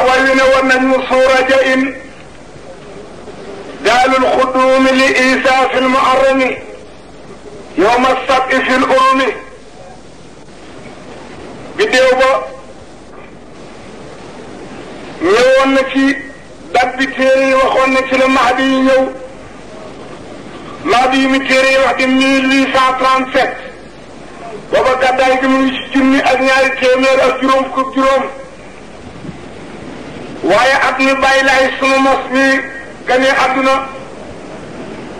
وين ون نحور جئن دال الخدوم لإيساف المعرم يوم السبع في الأرم بديوبا يوم نكي دب تيري وخون نكي المهدي يو مهدي متيري وحد النيل ليسا ترانسك وبقى دايك من يشتني أغنياري تيمير أجروم كبجروم waaye at mi bàyyi laay sunu mos mi gane àdduna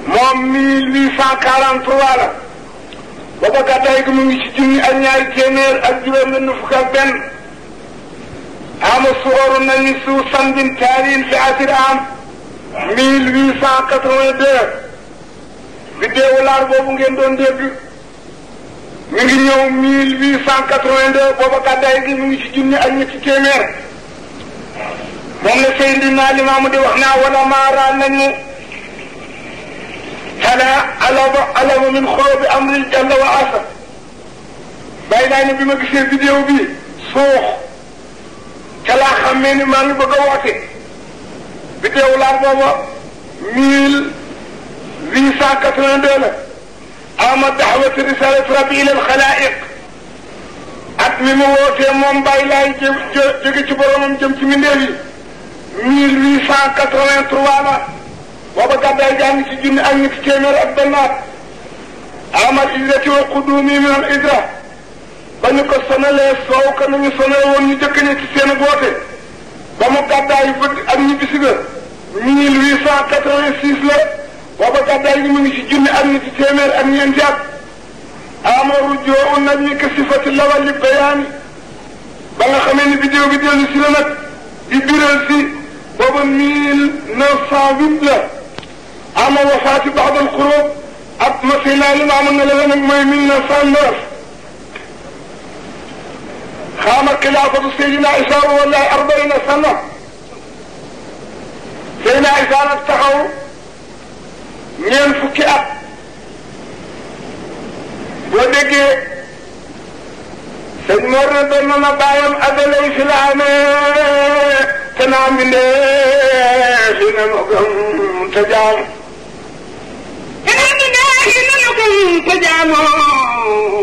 moom mille huit cent quarante trois la booba gàddaay gi mu ngi ci junni ak ñaari ak juróom benn fukk ak ama suxoru na ni su sandin taarin fi asir am mille huit cent quatre-vingt-deux biddéewu laar boobu ngeen doon dégg mi ngi ñëw mille huit cent quatre-vingt-deux booba gàddaay gi mu ngi ci junni ak ñetti مم سيدنا الإمام دي وحنا ولا ما رانني فلا ألم ألم من خوف أمر الجنة وعسى بين أن بما كسر فيديو بي صوخ كلا خميني ما نبقواتي فيديو لاربوما ميل ريسا كتران دولة أما دعوة رسالة ربي إلى الخلائق أتمي موتي موم بايلاي جيجي جيجي جيجي جيجي جيجي جيجي 1883 la booba gàddaay gaa ngi ci junni ak ñetti téeméer ak benn at amal wa qudumi min al idra ba ñu ko sonalee soow ka nañu sonal woon ñu jëkk ñi ci seen goote ba mu gàddaay bëgg ak ñi bisi ga 1886 la booba gàddaay gi mu ci junni ak ñetti téeméer ak ñeenti at amaru joo un nag ñi ko li bayaani ba nga xamee ni vidéo bi si la nag di si بابن ميل نصا بلا اما وفات بعض القرون اب ما في لا لنا من لنا ما من نصا نص خام خلافة سيدنا عيسى ولا أربعين سنة سيدنا عيسى نتخو نين فكي أب ودقي سيدنا ربنا نبايم أبلي في العمال gannaaw bi ndee dina nu gëm te jaamu. gannaaw bi ndee dina nu gëm te jaamu. gannaaw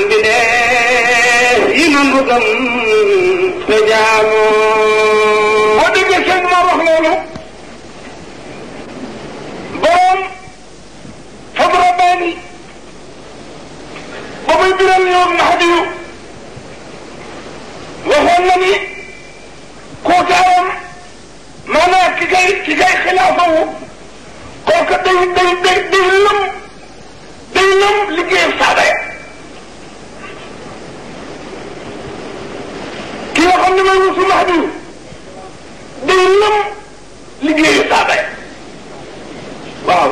bi ndee dina nu gëm te jaamu. boo déggee sëñ ma wax loolu. borom. fab rabbaani. ba muy biral yoon nax diyu. waxoon na ni. gaawam maanaam ki kay ki kay xilaafawu kooku day day day day lëm day lëm liggéey saaba ya ki nga xam ne mooy wusu mahdi day lëm liggéeyu saaba ya waaw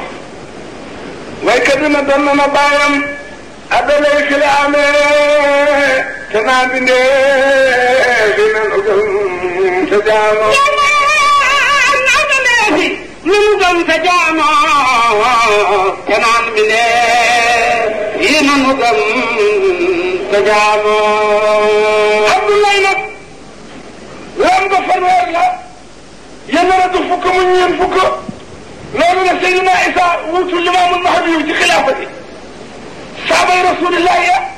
waykat bi na doon na na bàyyam adalay ki la amee te naa bindee بمنعدهم فداما منعدهم فداما كنعم بلاه منعدهم فداما عبد الله لك لم بفر لا ينرد فك من ينفك لولا سيدنا عيسى وصل الإمام المهدي في خلافته صحابة رسول الله يا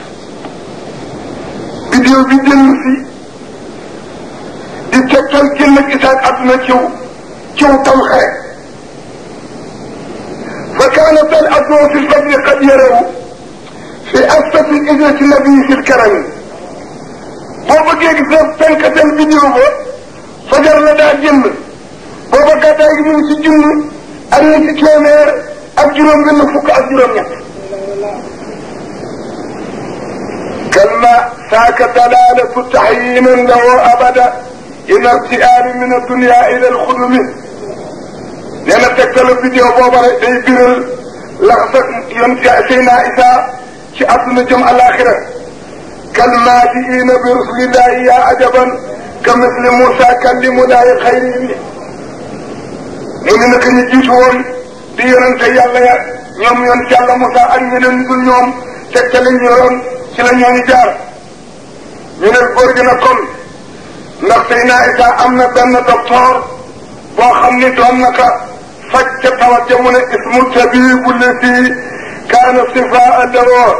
يو بي جنسي دي تكتل كل كتاب عدنا كيو كيو توحي فكان بل عدنا في البدن قد يروا في أسفة الإذنة النبي في الكرم بابا كيك زب تنك تنبيني هو فجر لدى جن بابا كتا يجنون في جن أني في كامير أجرون بالنفق أجرون يك كلمة فاك دلالة تحييما له أبدا إلى ارتئال من الدنيا إلى الخدم لأن تكتل فيديو بابا دي بيرل لغسك ينتهي سينا إذا أصل جمع الآخرة كالنادئين برسل الله يا عجبا كمثل موسى كلم لا يخيرني ñooñu nag ñu jiitu woon di yonente yàlla ya ñoom yonente yàlla Moussa ak ñeneen dul ñoom te ca lañ yoroon ci la ñooñu jaar ñu ne góor gi na kon ndax Seydina Isa am na benn docteur boo xam ni doon na ka faj ca tawat ja mu ne ismu tabibu lati kaana sifaa dawoo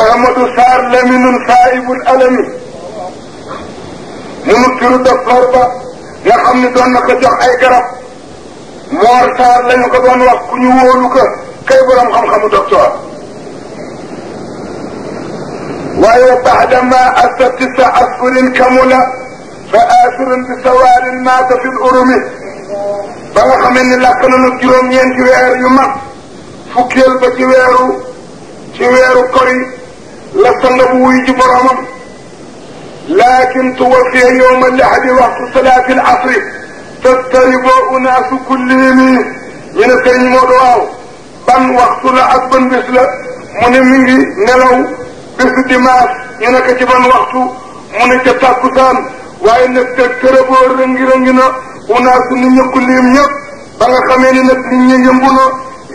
Ahmadu Saar laminun saayibul alami mu nu turu docteur ba nga xam ni doon na ko jox ay garab Moor Saar lañu ko doon wax ku ñu wóolu ko kay borom xam-xamu docteur وهي بعد ما أثبت تعفن كمنى فآثر بثوار مات في الأرم بوح من لكن نجرم ينجوير يما فكيل بجوير جوير قري لسن نبوي جبرم لكن توفي يوم الأحد وقت صلاة العصر تضطرب أناس كلهم من سيمورو بان وقت لعبن بسلا من منجي نلو bisu dimanche ñu nekk ci ban waxtu mu ne ca tàkkusaan waaye nag te kërëboo rëngi-rëngi na unaasu nit ñi ku liim ñëpp ba nga a ni nag nit ñi yëmbu na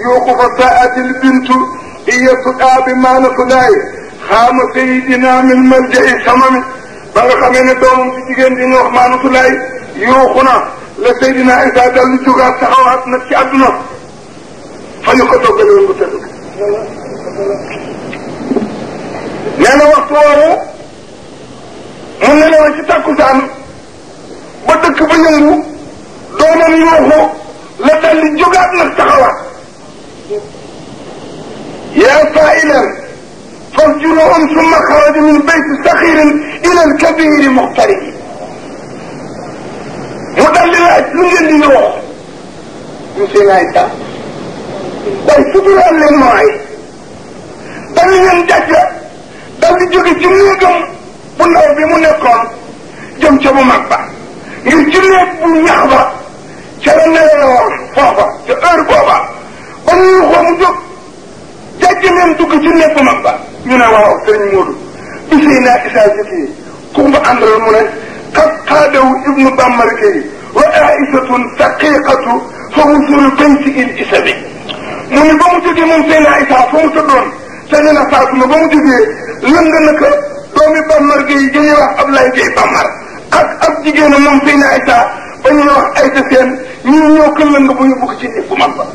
yuuxu fa saatil bintu iyatu aabi maana su daay xaama sayidina min maljai samami ba nga xamee ne doomam ci jigéen di nga wax maana na la sayidina isa dal lu jógaat taxawaat nag ci àdduna fa ñu ko doggale woon bu tëdd nee na waxtu woowu mu nelawee ci takkusaan ba dëkk ba yëngu doomam yuuxu la dal di jógaat nag taxawaat yaa faailan fasjuruhum summa xaraja min bayti saxirin ila alkabiri muxtariji mu dal di laaj lu ngeen di wax ñu seen ay tax waaye suturaal leen ma ay dal ngeen jàjja daal di jóge ci bu ndaw bi mu nekkoon jëm ca bu mag ba ngir ci néeg bu ñax ba ca la nelawoon foofa ca heure booba ba ñuy xoo mu jóg jàjj leen dugg ci néeg bu mag ba ñu ne waaw sëriñ Moodu mu ne qad qaadawu ibnu bammarke wa aisatun saqiqatu fa wusulu bayti il isa mu ni ba mu jógee moom sëy naa isaa fa mu tëddoon sëñ na saasuma ba mu jógee lëng na ko doomi Bamar Gueye gi ñuy wax Ablaye Gueye Bamar ak ak jigéenam moom fii na ay saa ba ñuy wax ay sa seen ñun ñoo ko lëng bu ñu bugg ci nit bu mag ba.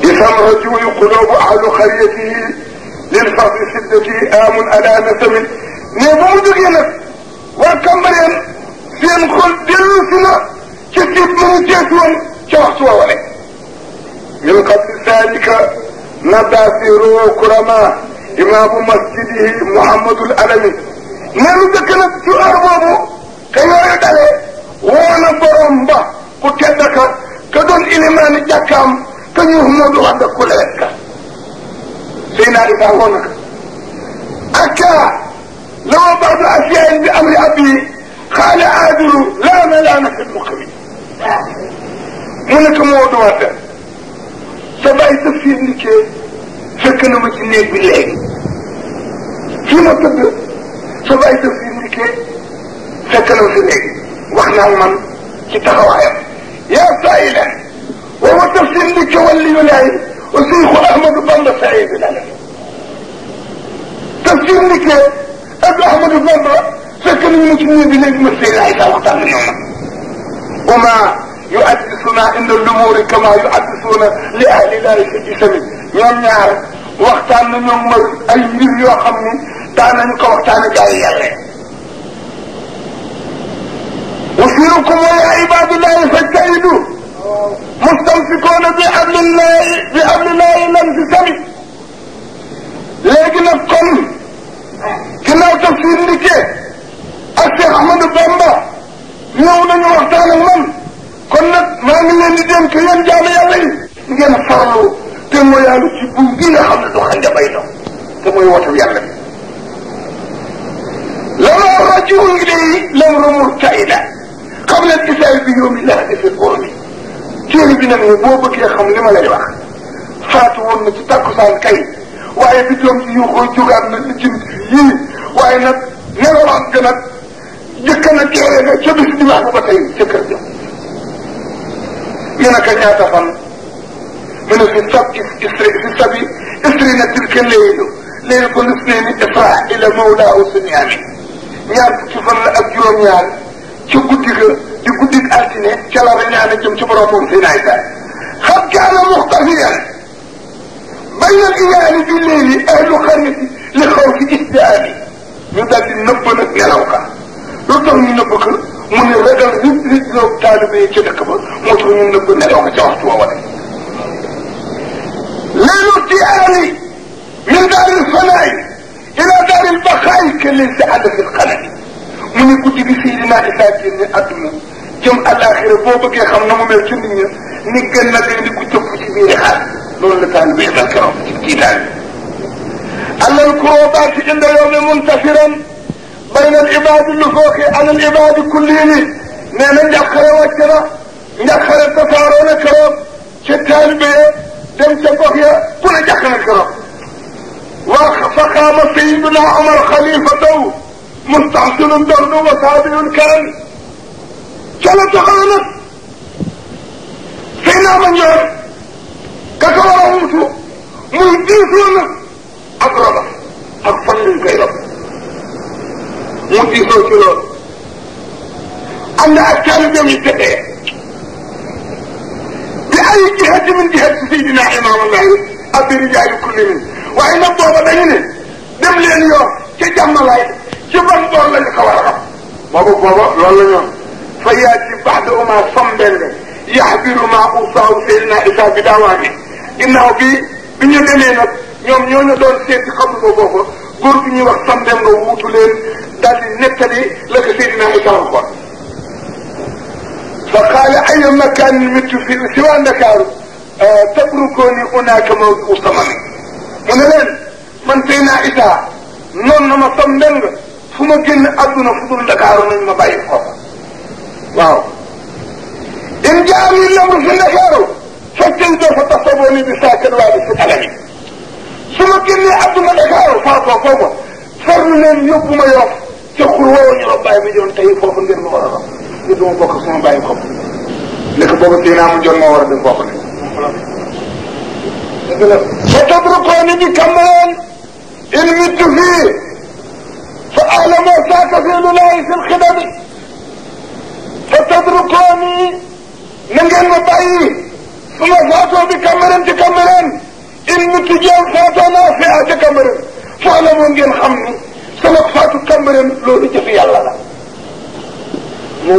يفهم رجل قلوب أهل قريته للفرد شدتي آم على نسب نبو دغينا وكمبرين سين خل دلسنا كتب من جسوان كوحتوا ولي من قبل ذلك nadasiru kurama imaamu masjidihi muhammadul alami ne lu dëkk nag ci heure boobu ka dalee woo na ku tedd ka ka ilimaani jàkkaam ka ñu Moodu Wade ku lelet ka sëy naa isaa woo na ka akka lawa baadu bi amri abi xaale aadiru laana laana fi muqami mu ne ko Moodu Wade سبعي تفسير لك شكنا مجنيك بالله فيما تبدو سبعي تفسير لك شكنا مجنيك واحنا من كتاها وعيا يا سائلة وما تفسير لك واللي يلاهي وسيخ أحمد بن سعيد الألف تفسير لك أبو أحمد بن سكن من جنيه بليك مسيح عيسى وقتا من يوم وما يؤسسنا ان الامور كما يؤسسون لاهل ذلك الجسم يوم نهار وقتان من امور اي مر يو خمي تانا نكو وقتان جاي يلي وصيركم يا عباد الله فاجتهدوا مستمسكون بحبل الله بحبل الله لم تسمي لكن القوم كنا تفسير لك الشيخ احمد بامبا يوم نهار وقتان المنزل kon nag maa ngi leen di dénk yéen jaamu yàlla yi ngeen farlu te mooy yàlla ci buum bii nga xam ne du xanja bay dox te mooy wootu yàlla bi لولا الرجوع إليه لأمر مرتعدة قبل الإساءة بيوم الله في القرن جيل بنا من بوبك يا خم لما لا يوخ فاتوا أن تتاكس عن كي وأي بدهم يخرجوا عن الجن يي وأي نرى عن جنب جكنا كي شبه دماغ بطين شكرا yana kan ya tafan mene si sab si sabi isri na tilka leylu leylu ko lisneni isra ila mawlaahu sunyaani ñaar fukki fan la ak juróom ñaar ci guddi ga di guddi altine ca la rañaane jëm ci boromam si naay daal xam kaana muxtafiyan بين الإيمان بالليل أهل خريطي لخوف استعاني من ذات النبنة يلوكا لطهم نبكر mu ne ragal bi mu nit ñoom taalibe yi ca dëkk ba moo tax ñu nëbb nelaw ko ca waxtu woowa de lii lu tiyaani min daaril fanaay ila daaril baxaay ke leen si ànd fi xanani mu ne guddi bi fii dinaa isaa génne àdduna jëm àllaaxira boo bëggee xam na mu mel ci nit ña ni gën na leen di ko jëpp ci biir xaar loolu la taalibe yi dal keroog ci tiitaan bi allal kuroobaati inda yawmi muntafiran بين العباد اللي على العباد كلهم نعم دخل وكرا ندخل تفارون كرام شتان بيه دم تبقيا كل دخل كرام فقام سيدنا عمر خليفته مستحسن درد وصابر كان كانت غالب فينا من جهر كتوره موتو سنة أقرب أقفل من mu diisoo ci loolu am na ak taalibeem yu texe bi ay jihat min jihat si Seydina Imaam Allahi abdi rijaali kulli min waaye nag booba dañu ne dem leen yoo ca jàmmalaay ci ban boor lañu ko war a am booba booba loolu la ñoon fa yaati baxdahuma sambende yaxbiru ma usaaw Seydina Isaa bi daawaani ginnaaw bi bi ñu demee nag ñoom ñoo ñu doon seeti xamu ko foofa góor gi ñuy wax sambende nga wuutu leen daal di nettali la ko Seydina Isa waxoon fa qaala ayyu makaanin mittu fi siwaa Ndakaaru tabrukooni hunaaka mawdiu samani mu ne leen man Seydina Isa noonu na ma sam ndeng fu ma génn àdduna fu dul Ndakaaru nañ ma bàyyi foofu waaw in jaami lamru fi Ndakaaru fajjal sawfa tahsabuuni bi saakan waadi fi alami su ma génnee jokkul waroon ñu am bàyyi bi doon tey foofu ngir lu war a xam ngir du ma bokk sama bàyyi bopp nekk boobu tey naa mu jot moo war a dem foofu ne dëgg la fa tadrukooni bi kamoon in mittu fii fa aalamoo saaka fii lu laay fi lxidami fa tadrukooni na ngeen ma bàyyi su ma faatoo bi kamaran ci kamaran in mittu jeew faatoo naa fi a ci kamaran fa aalamoo ngeen xam ni sama faatu Cambérène loolu jëfi yàlla la mu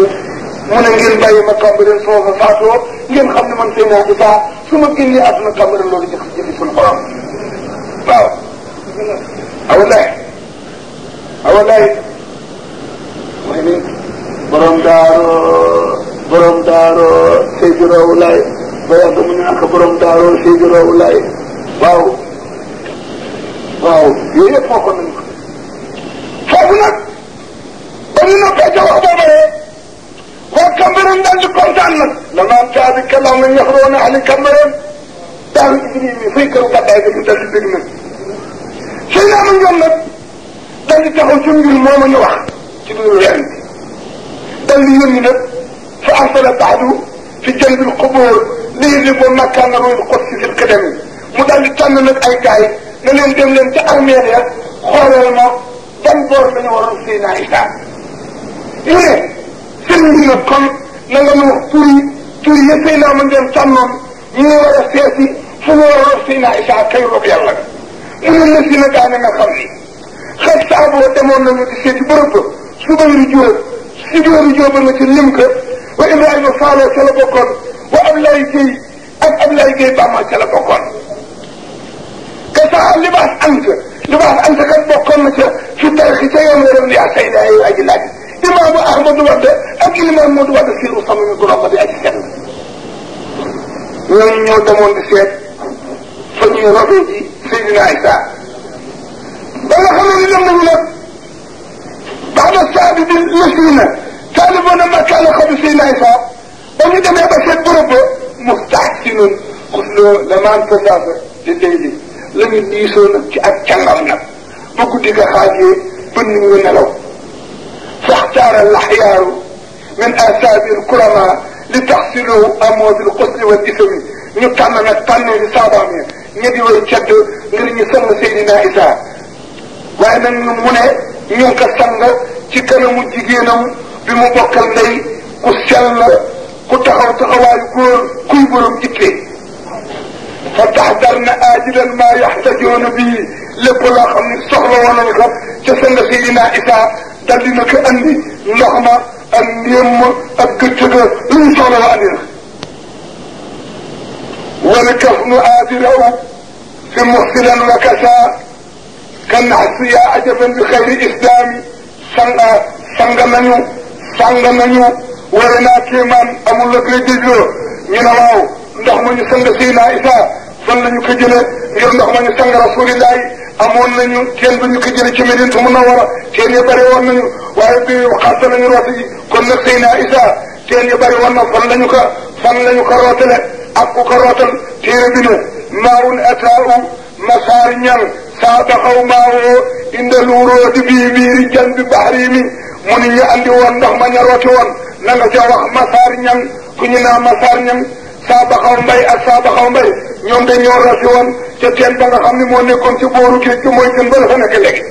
mun a ngeen ma Cambérène soo fa faatoo ngeen xam ne man Seydina Issa su ma génnee àdduna Cambérène loolu jëf jëfi suñu borom waaw awalaay awalaay mooy ni borom daaroo borom daaroo Seydou Row laay ba yàgg mu ñu ak borom daaroo Seydou Row foofu nag ba ñu noppee ca wax booba rek waa Cambérène daal di kontaan nag la naan caabi kalaw mi ñax roona ali Cambérène daal di jiri mi fay këru gàddaay bi mu dal di bég nag sëy naa ma ñoom nag daal di taxaw ci mbir mooma ñu wax ci biir weer bi daal di yónni nag fa arsala baadu fi jëndil xubóor lii di boo makkaana royul xot si fil kadami mu daal di tànn nag ay gaay na leen dem leen ca armeel ya xoolal ma ban boor dañoo waroon sëy naa Issa ñu ne seen mbir nag kon na nga ma wax tur yi tur yi yëpp sëy naa ma dem sàmmoon a seet si fu mu waroon sëy naa Issa kay roog yàlla mu ne lësi na daane nga xam ni xëy saa boo demoon nañu di seeti bërëb ba suba lu wa Ibrahima la bokkoon wa Ablaye Gueye ak Ablaye Gueye Bama ca ka saa libaas am نبقى أنت قد قمت في التاريخ تيام ورمني حتى إلى أي أجل أجل إمام أحمد وعد أجل ما أحمد وعد سير وصمم من الظلام بأجل كان من يوتمون بسيط فني رفيدي سيدنا عيسى بل خلوني لما ولد بعد السعب باللسينة تعرف ما كان سيدنا عيسى ومدى ما بسيط بربه مستحسن كله لما أنت سافر لليلي la ñu diisoo nag ci ak càngam nag ba guddi ga xaajee ba nit ñu nelaw faxtaara laxyaaru min asaabil kurama li taxsiloo amoo bil xusli wal isawi ñu tànn nag tànnee di saabaam ya way cedd ngir ñu sang Seydina Isa waaye nag ñu mu ne ñu ngi ko sang ci kanamu jigéenam bi mu bokkal ku sell ku taxaw taxawaayu góor kuy borom jittee فتحضرنا اجلا ما يحتاجون به لكل اخر من صحبه ولا الغرب تسنى سيدنا عيسى دلنا كاني لحمة اليم الكتب ان شاء الله وانينا ولكفن اجله في مرسلا وكسا كان عصيا عجبا بخير الاسلام سنغا سنغا منو سنغا منو ورنا كيمان امو لك لديجو ينواو ndox ma ñu sang Seydina Isa fan la ñu ko jëlee ngir ndox ma ñu sang Rasulillah amoon nañu teen ba ñu ko jëlee ci Medina Munawara teen ya bëri woon nañu waaye bii xasta nañu rooti ji kon nag Seydina Isa teen ya bëri woon na fan la ñu ko fan la ñu ko rootale ak ku ko rootal téere bi ne maawun ataau masaar ñan saa baxaw maawoo indalu rooti bii miiri jan bi baxri mi mu ni ñu andi woon ndox ma ña rooti woon na nga ca wax masaar ñan ku ñu naa masaar ñan saaba xaw mbay ak saaba ñoom de ñoo rasi woon ca teen ba nga ne moo nekkoon ci booru géej gi mooy gën ba la fa nekk léegi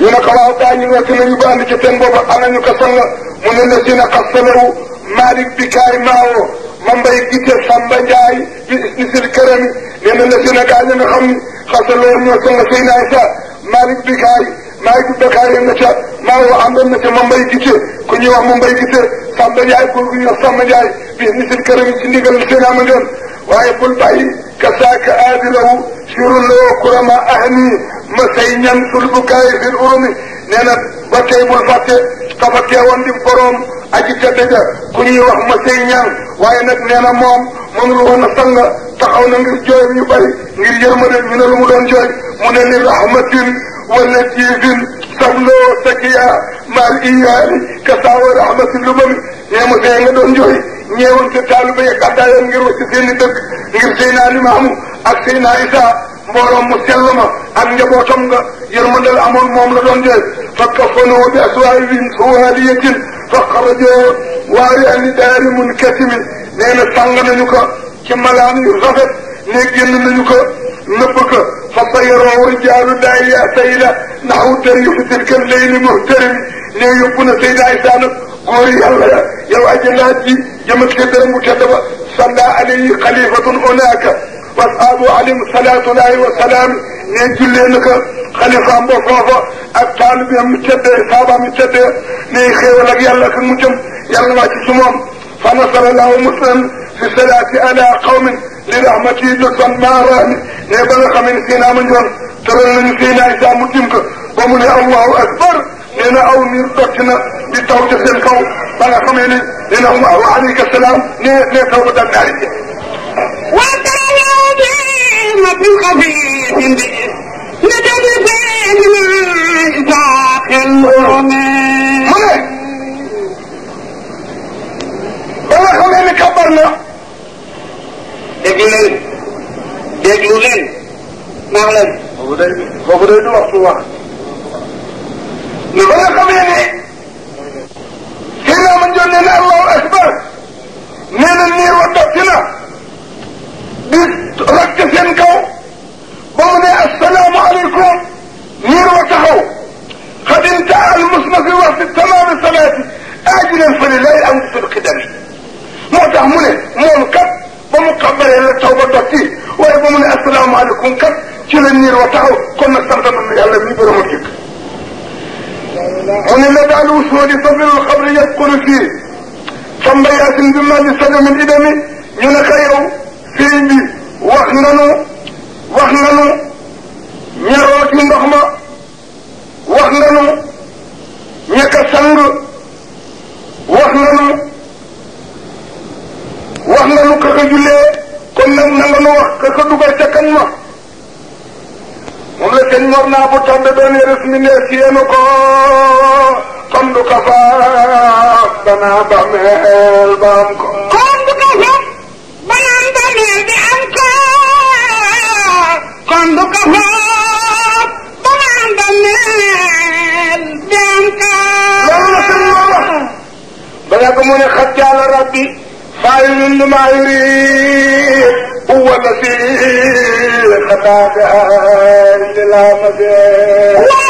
ñu ne ko waaw gaa ñu rasi nañu ba andi ca teen boobu ana ñu ko sanga mu ne la sina xastalawu Malick bi kaay maawoo ma mbay gite Samba Njaay bi isil kërami nee na la sina gaa ñu nga xam ne xastalawu ñoo sanga sëy naay sa Malick maa ngi tudd Dakar yéen na ca maa ngi àndoon na ca ma mbay gisee ku ñuy wax ma mbay gisee Samba Ndiaye góor gu ñuy wax Samba Ndiaye bis ni seen këram seen ama ngeen waaye bul bàyyi ka saaka aadirawu suruloo kurama ahanii ma say ñan sul bu kaay fil urumi nee na ba tey bul fàtte kafa teewoon di boroom aji tedda ja ku ñuy wax ma say ñan waaye nag nee na moom mënul woon a sang taxaw a ngir jooy yu bari ngir yërmande ñu ne lu mu doon jooy mu ne ni rahmatin ولطيف سملو سكيا مال إياني كساوى رحمة اللمم يا مسيح دون جوي ñeewal te taalibe yi gàddaayam ngir wacc seen i dëkk ngir Seydina Limaamu ak Seydina Isaa mbooloom mu sell ma ak njabootam nga yërmandal amoon moom la doon jooy fa kafanoo bi aswaabihim daari munkasimin nee na sàng nañu ko ci malaan yu rafet ne génn nañu ko nëbb ko حتى فطيروا رجال لا يأتينا نحو تريح تلك الليل مهترم لا يكون سيدة عيسانا قولي يلا يو أجلاتي جمت كدر مكتبة صلى عليه خليفة هناك واصحابه عليهم الصلاة والله والسلام نجل لأنك خليفة مصافة الطالب متدى إصابة متدى نيخي ولك الله كمجم يا الله ما تسمم فنصر الله مسلم في صلاة على قوم لرحمة لطفا ما رحمة ne ba nga xamante ne amuñ woon tëral nañu seen ay saa mu tim ko ba mu ne allahu akbar nee na aw niir dotti na di taw ca seen kaw ba nga xamee ne nee na uma wa alayka salaam ne ne taw ba daan naa leen وترى بهم في خبيث ندب بهم إزاق الأمم هلا بلا خمين كبرنا déglu leen déglu leen naax leen boobu day boobu day du wax su wax ni ba nga xamee ne xëy naa ma jot ne ne allahu akbar nee na niir wa dotti na di rakk seen kaw ba mu ne assalaamu aleykum niir wa taxaw xad intaa al musnaf waxti tamaami salaati aajilan fa lillahi alhamdu fi lqidami moo tax mu ne toog fii waaye ba mu ne asalaamaaleykum kat ci la niir wa taxaw kon nag sant nañu yàlla mi borom ak jëkk mu ne la daal usuli fadl al xabri yadxulu fii famba yaasin bi ma di sada min idami ñu ne ko yow fii bi wax nanu wax nanu ñaroo ci ndox ma wax nanu ñaka sang wax nanu ko dugal ca kan ma moom la sëñ Mor naa bu tombe doon yërës mi ne siyénu ko kon du ko faaf danaa bàmmeel ba am ko kon du ko faaf danaa bàmmeel bi am ko kon du ko faaf danaa bàmmeel bi am ko loolu la sëñ Mor wax ba yàgg mu ne xat yàlla rabbi faayu lund maa yurid هو الذي خطا بها सजे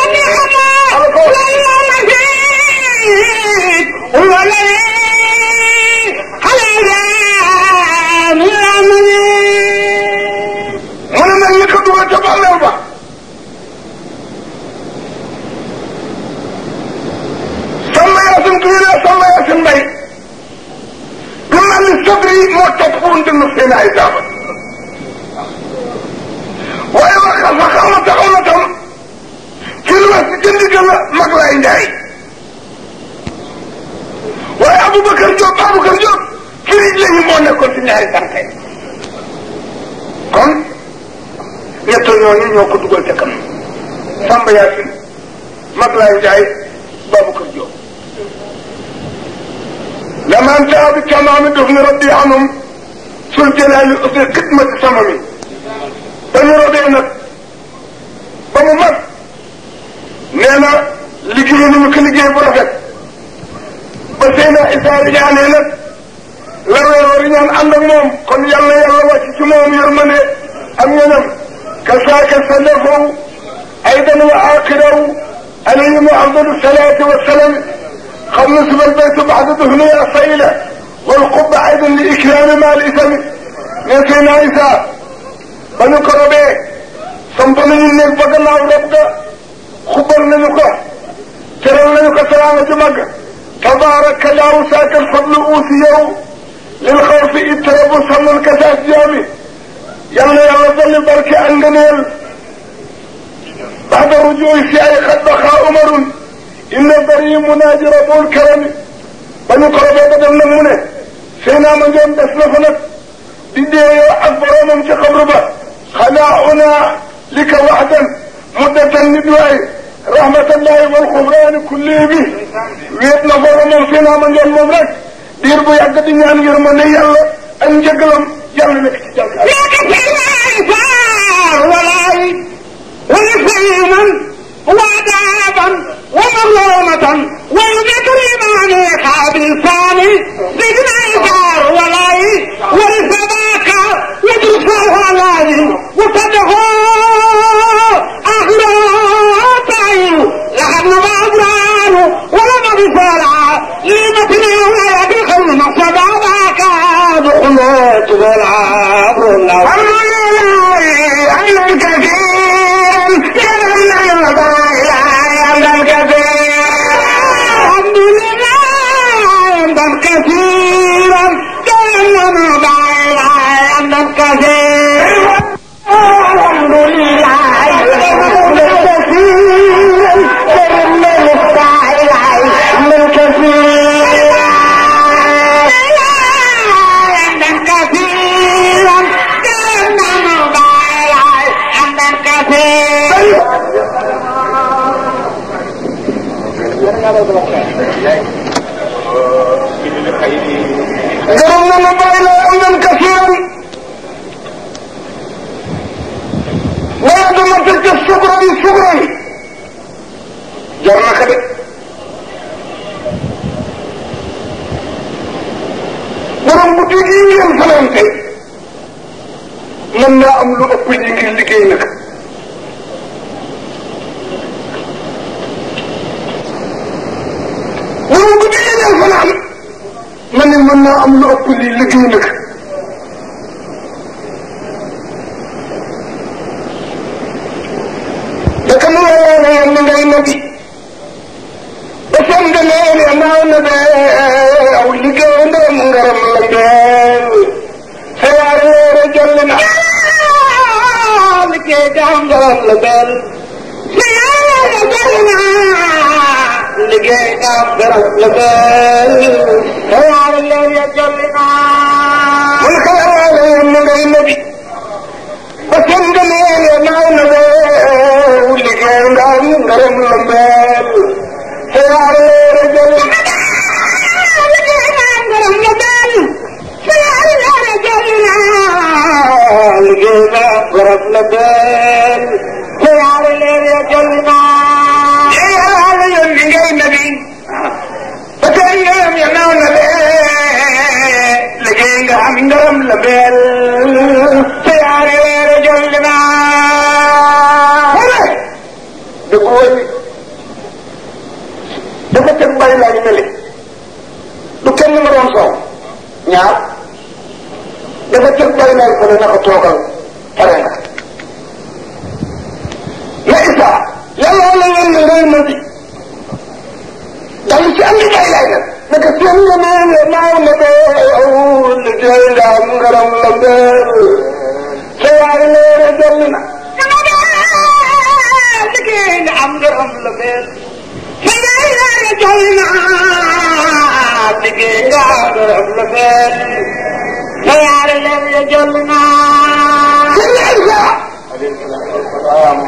nee na liggéey nañu ko liggéey bu rafet ba Seyna Issa riñaanee nag la weeroo riñaan ànd ak moom kon yàlla yàlla wàcc ci moom yërmande ak ñenam كذاك سلفوا ايضا واخره عليهم افضل الصلاه والسلام قبل سب البيت بعد دهنية صيلة والقبة ايضا لاكرام ما الاسم نسينا عيسى بنو كربي سمبني النبي بقنا وربك خبر نقه ترون نقه سلامة مقه تبارك جاو ساكن فضل اوسيو للخوف اتربو سمو الكساس يومي يلا يا رضل بركة انجنيل بعد رجوعي في اي خد بخاء عمر ان الضري مناجي ربو الكرم بني قربة بدل نمونة سينا من جان تسلفنا بديه يوحف برامم في خلاعنا لك وحدا عدة لدواي رحمة الله والخبران كله به ويبنا فورا فينا من جل مبرك دير بو يقد نيان يرمنا يلا ان جقلم يلا لك تجاوز ولاي ونسيما وعذابا ومظلومة ويمد الإيمان يخاب الثاني بجمع إيثار ولاي ورثباك يدرسه ولاي وتدهور दादा ما أم لأقل لدينك لكن الله لا يعلم لي نبي أسلم دمائل أنا أنا أو اللي قال لي من غرم الله سواري رجل لنا لقيت عم غرم الله سيارة رجل لنا لقيت عم غرم الله لبيك يا الليل يا جنة يا هاليوم من جاي النبي وكان يوم ينام لبيك لجينا من درم لبيك يا الليل يا جنة بقول dafa teg bari laa ñu meli du kenn ma doon soow ñaar dafa teg bari laa ñu ko ne na ko toogal pare na நல்லமேல நாமதே அவுல் ஜெயராமரம் நம்பே சேவாரிலே ஜல்லினா لكن عمرهم لبيل فليلا رجعنا لكن عمرهم لبيل فيعلم رجلنا فليلا عليه السلام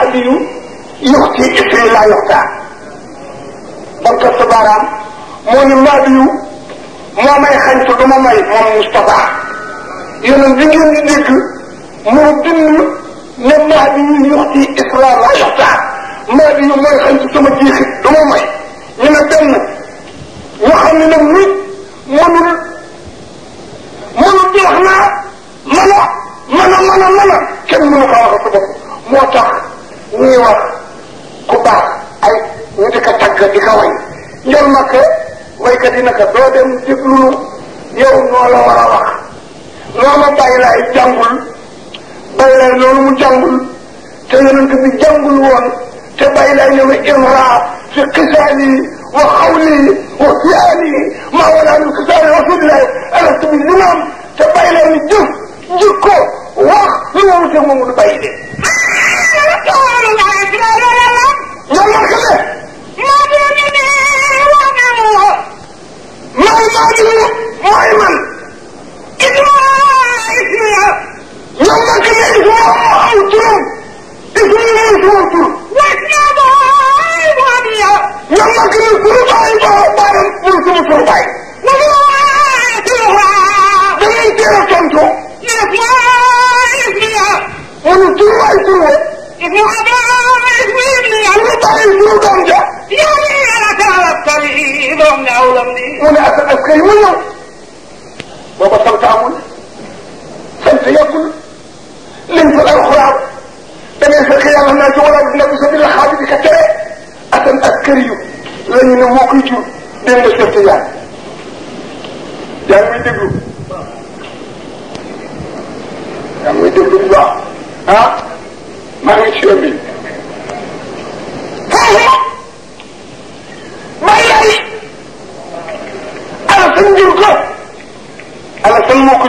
saxbiyu yuxti isri laa yuxtaa bakka sa baaraam moo ni maadiyu moo may xañtu du ma may moom Moustapha yonent bi ngeen di dégg moo bind ne maadiyu yuxti isra laa yuxtaa maadiyu mooy xañtu sama jeexit du ma may ñu ne benn ñu xam ne nag nit mënul mënul jeex naa mën a mën a mën a mën a kenn mënu ko wax sa bopp moo tax ñuy wax ku baax ay ñu di ko tagg di ko way njol makke waykat yi naka doo dem déglunu yow noo la war a wax noo la bàyyi laay jàngul bàyyi laay loolu mu jàngul te yonent bi jàngul woon te bàyyi laay ñoom imra fi xisaali wa xawli wa fiyaali maa walaa kër yu la ñu ne moo koy jur dégg nga Cheikh Tidiane yaa ngi may déglu yaa ngi may déglu bu baax ah maa ngi ci yoon bi bàyyi ala san jur ala san moo ko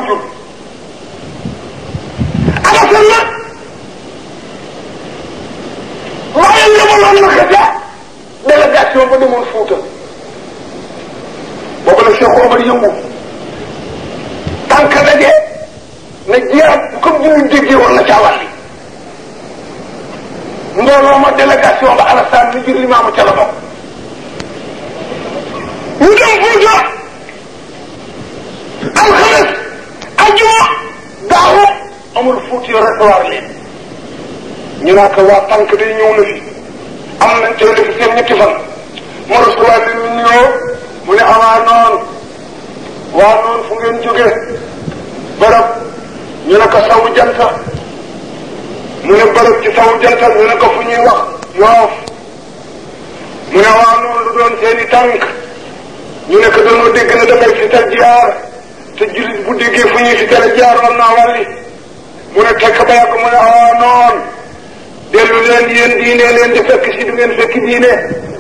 ne waa tànk day ñëw na fi am nañ cee def seen ñetti fan mu rasuwaay bi mu nuyoo mu ne amaa noon waa noon fu ngeen jógee barab ñu ne ko saw janta mu ne barab ci saw janta ñu ne ko fu ñuy wax mu ne waa noon lu doon seen tànk ñu ne ko dañoo dégg na dafay fi tal jaar te jullit bu déggee fu ñuy fi tal jaar war naa walli mu ne tekk ba yàgg mu ne awaa noon dellu leen yéen diine leen di fekk si du ngeen fekk